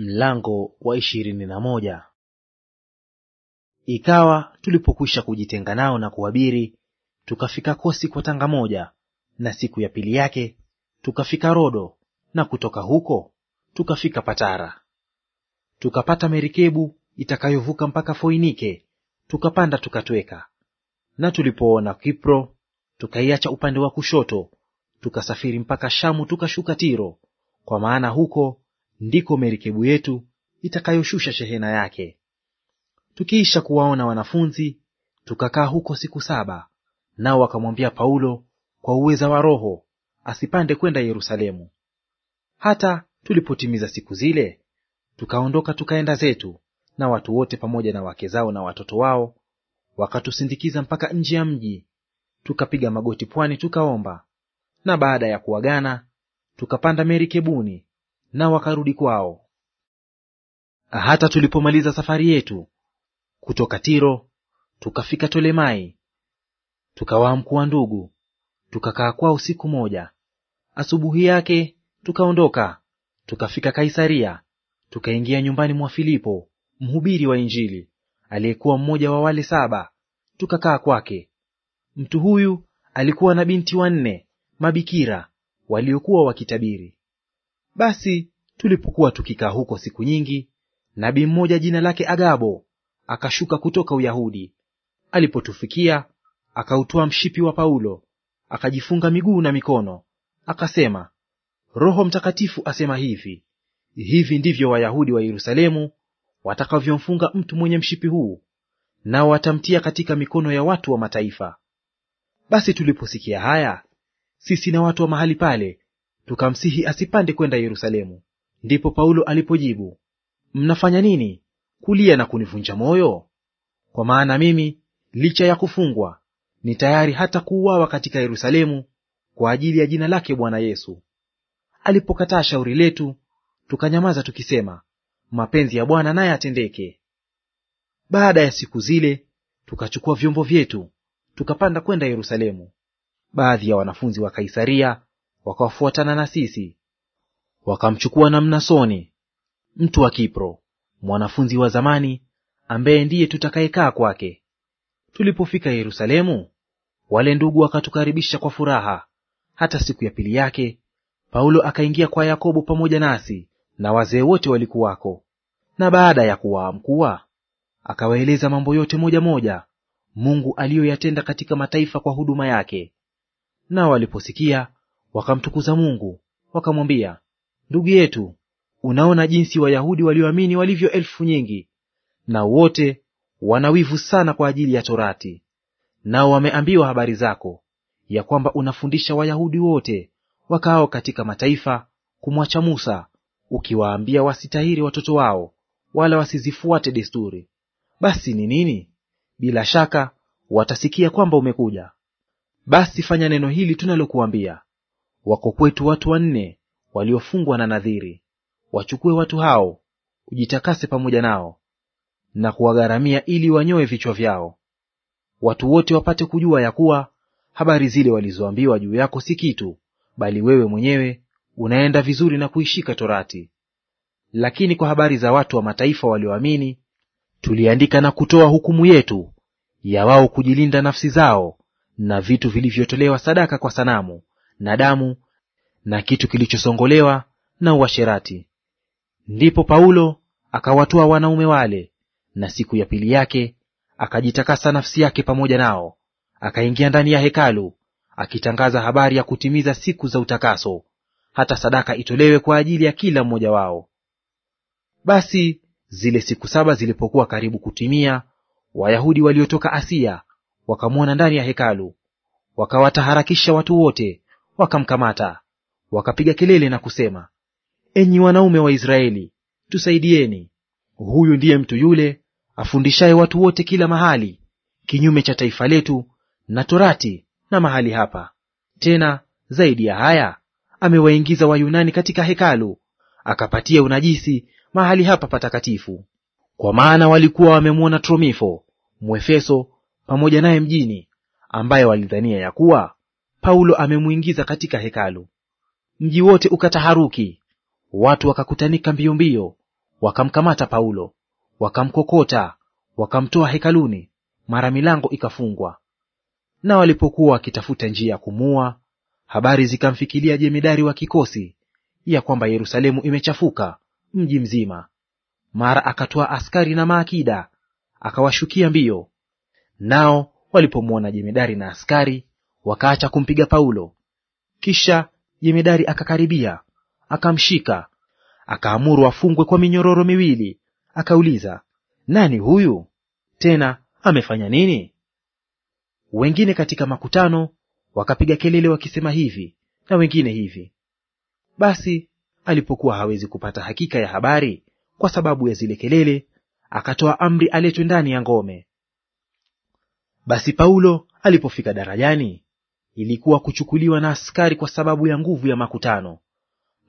Mlango wa ishirini na moja. Ikawa tulipokwisha kujitenga nao na kuhabiri, tukafika Kosi kwa tanga moja, na siku ya pili yake tukafika Rodo, na kutoka huko tukafika Patara. Tukapata merikebu itakayovuka mpaka Foinike, tukapanda tukatweka. Na tulipoona Kipro, tukaiacha upande wa kushoto, tukasafiri mpaka Shamu, tukashuka Tiro, kwa maana huko ndiko merikebu yetu itakayoshusha shehena yake. Tukiisha kuwaona wanafunzi, tukakaa huko siku saba. Nao wakamwambia Paulo kwa uweza wa Roho asipande kwenda Yerusalemu. Hata tulipotimiza siku zile, tukaondoka tukaenda zetu, na watu wote pamoja na wake zao na watoto wao wakatusindikiza mpaka nje ya mji. Tukapiga magoti pwani tukaomba. Na baada ya kuwagana tukapanda merikebuni na wakarudi kwao. Hata tulipomaliza safari yetu kutoka Tiro tukafika Tolemai, tukawaamkua ndugu, tukakaa kwao siku moja. Asubuhi yake tukaondoka, tukafika Kaisaria, tukaingia nyumbani mwa Filipo mhubiri wa Injili, aliyekuwa mmoja wa wale saba, tukakaa kwake. Mtu huyu alikuwa na binti wanne mabikira waliokuwa wakitabiri. Basi tulipokuwa tukikaa huko siku nyingi, nabii mmoja jina lake Agabo akashuka kutoka Uyahudi. Alipotufikia, akautoa mshipi wa Paulo, akajifunga miguu na mikono, akasema, Roho Mtakatifu asema hivi, hivi ndivyo Wayahudi wa Yerusalemu watakavyomfunga mtu mwenye mshipi huu, nao watamtia katika mikono ya watu wa mataifa. Basi tuliposikia haya, sisi na watu wa mahali pale tukamsihi asipande kwenda Yerusalemu. Ndipo Paulo alipojibu, mnafanya nini kulia na kunivunja moyo? Kwa maana mimi licha ya kufungwa ni tayari hata kuuawa katika Yerusalemu kwa ajili ya jina lake Bwana Yesu. Alipokataa shauri letu, tukanyamaza tukisema, mapenzi ya Bwana naye atendeke. Baada ya siku zile, tukachukua vyombo vyetu tukapanda kwenda Yerusalemu. Baadhi ya wanafunzi wa Kaisaria wakawafuatana na sisi, wakamchukua na Mnasoni mtu wa Kipro, mwanafunzi wa zamani, ambaye ndiye tutakayekaa kwake. Tulipofika Yerusalemu, wale ndugu wakatukaribisha kwa furaha. Hata siku ya pili yake Paulo akaingia kwa Yakobo pamoja nasi na wazee wote walikuwako. Na baada ya kuwaamkua, akawaeleza mambo yote moja moja Mungu aliyoyatenda katika mataifa kwa huduma yake. Nao waliposikia Wakamtukuza Mungu wakamwambia, ndugu yetu, unaona jinsi Wayahudi walioamini walivyo elfu nyingi, na wote wana wivu sana kwa ajili ya Torati. Nao wameambiwa habari zako, ya kwamba unafundisha Wayahudi wote wakaao katika mataifa kumwacha Musa, ukiwaambia wasitahiri watoto wao wala wasizifuate desturi. Basi ni nini? Bila shaka watasikia kwamba umekuja. Basi fanya neno hili tunalokuambia, Wako kwetu watu wanne waliofungwa na nadhiri; wachukue watu hao, ujitakase pamoja nao, na kuwagharamia ili wanyoe vichwa vyao, watu wote wapate kujua ya kuwa habari zile walizoambiwa juu yako si kitu, bali wewe mwenyewe unaenda vizuri na kuishika Torati. Lakini kwa habari za watu wa mataifa walioamini, tuliandika na kutoa hukumu yetu ya wao kujilinda nafsi zao na vitu vilivyotolewa sadaka kwa sanamu na damu na kitu kilichosongolewa na uasherati. Ndipo Paulo akawatoa wanaume wale, na siku ya pili yake akajitakasa nafsi yake pamoja nao, akaingia ndani ya hekalu akitangaza habari ya kutimiza siku za utakaso, hata sadaka itolewe kwa ajili ya kila mmoja wao. Basi zile siku saba zilipokuwa karibu kutimia, Wayahudi waliotoka Asia wakamwona ndani ya hekalu, wakawataharakisha watu wote wakamkamata, wakapiga kelele na kusema, enyi wanaume wa Israeli, tusaidieni! Huyu ndiye mtu yule afundishaye watu wote kila mahali, kinyume cha taifa letu na Torati na mahali hapa. Tena zaidi ya haya, amewaingiza Wayunani katika hekalu, akapatia unajisi mahali hapa patakatifu. Kwa maana walikuwa wamemwona Tromifo Mwefeso pamoja naye mjini, ambaye walidhania ya kuwa Paulo amemwingiza katika hekalu. Mji wote ukataharuki, watu wakakutanika mbio mbio, wakamkamata Paulo, wakamkokota, wakamtoa hekaluni, mara milango ikafungwa. Na walipokuwa wakitafuta njia ya kumua, habari zikamfikilia jemedari wa kikosi ya kwamba Yerusalemu imechafuka mji mzima. Mara akatoa askari na maakida akawashukia mbio, nao walipomwona jemedari na askari wakaacha kumpiga Paulo. Kisha jemedari akakaribia, akamshika, akaamuru afungwe kwa minyororo miwili. Akauliza, nani huyu tena? Amefanya nini? Wengine katika makutano wakapiga kelele wakisema hivi na wengine hivi. Basi alipokuwa hawezi kupata hakika ya habari kwa sababu ya zile kelele, akatoa amri aletwe ndani ya ngome. Basi Paulo alipofika darajani, ilikuwa kuchukuliwa na askari kwa sababu ya nguvu ya makutano.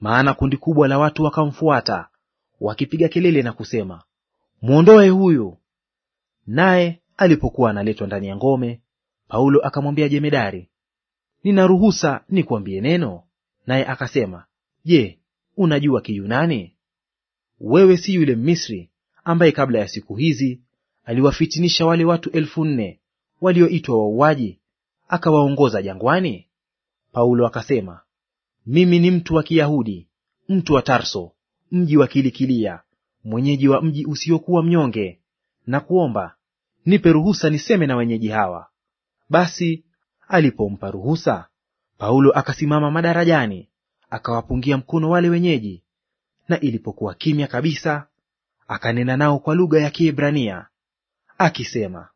Maana kundi kubwa la watu wakamfuata wakipiga kelele na kusema, mwondoe huyu. Naye alipokuwa analetwa ndani ya ngome, Paulo akamwambia jemedari, nina ruhusa nikuambie neno? Naye akasema, je, unajua Kiyunani? Wewe si yule Mmisri ambaye kabla ya siku hizi aliwafitinisha wale watu elfu nne walioitwa wauaji akawaongoza jangwani? Paulo akasema, mimi ni mtu wa Kiyahudi, mtu wa Tarso, mji wa Kilikilia, mwenyeji wa mji usiokuwa mnyonge, na kuomba nipe ruhusa niseme na wenyeji hawa. Basi alipompa ruhusa, Paulo akasimama madarajani, akawapungia mkono wale wenyeji, na ilipokuwa kimya kabisa, akanena nao kwa lugha ya Kiebrania akisema